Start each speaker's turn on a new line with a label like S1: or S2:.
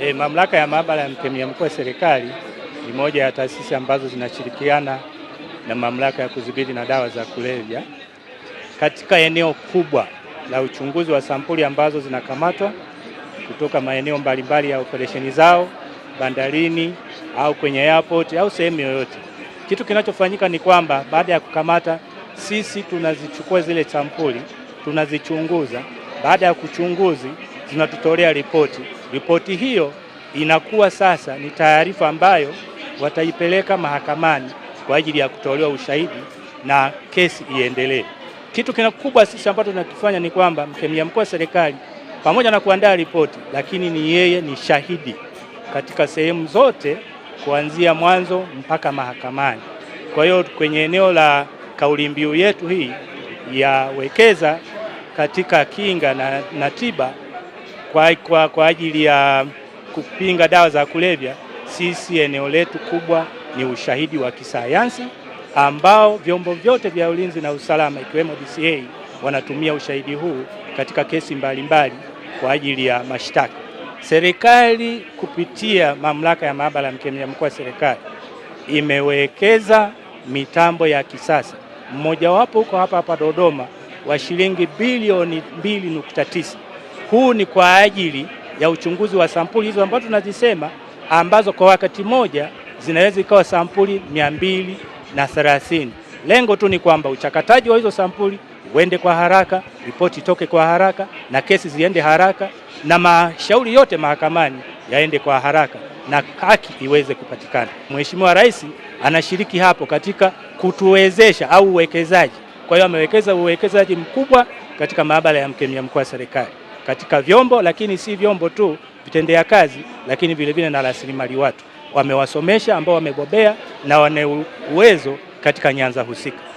S1: E, Mamlaka ya Maabara ya Mkemia Mkuu wa Serikali ni moja ya taasisi ambazo zinashirikiana na Mamlaka ya Kudhibiti na Dawa za Kulevya katika eneo kubwa la uchunguzi wa sampuli ambazo zinakamatwa kutoka maeneo mbalimbali ya operesheni zao bandarini au kwenye airport au sehemu yoyote. Kitu kinachofanyika ni kwamba baada ya kukamata, sisi tunazichukua zile sampuli, tunazichunguza. Baada ya kuchunguzi, zinatutolea ripoti. Ripoti hiyo inakuwa sasa ni taarifa ambayo wataipeleka mahakamani kwa ajili ya kutolewa ushahidi na kesi iendelee. Kitu kikubwa sisi ambacho tunakifanya ni kwamba mkemia mkuu wa serikali pamoja na kuandaa ripoti, lakini ni yeye ni shahidi katika sehemu zote kuanzia mwanzo mpaka mahakamani. Kwa hiyo kwenye eneo la kauli mbiu yetu hii ya wekeza katika kinga na, na tiba kwa, kwa, kwa ajili ya kupinga dawa za kulevya. Sisi eneo letu kubwa ni ushahidi wa kisayansi ambao vyombo vyote vya ulinzi na usalama ikiwemo DCA wanatumia ushahidi huu katika kesi mbalimbali mbali kwa ajili ya mashtaka. Serikali kupitia mamlaka ya maabara ya mkemia mkuu wa serikali imewekeza mitambo ya kisasa mmojawapo huko hapa hapa Dodoma wa shilingi bilioni 2.9 huu ni kwa ajili ya uchunguzi wa sampuli hizo ambazo tunazisema, ambazo kwa wakati moja zinaweza ikawa sampuli mia mbili na thelathini. Lengo tu ni kwamba uchakataji wa hizo sampuli uende kwa haraka, ripoti itoke kwa haraka, na kesi ziende haraka, na mashauri yote mahakamani yaende kwa haraka na haki iweze kupatikana. Mheshimiwa Rais anashiriki hapo katika kutuwezesha au uwekezaji. Kwa hiyo amewekeza uwekezaji mkubwa katika maabara ya mkemia mkuu wa serikali katika vyombo, lakini si vyombo tu, vitendea kazi, lakini vilevile na rasilimali watu wamewasomesha ambao wamebobea na wana uwezo katika nyanza husika.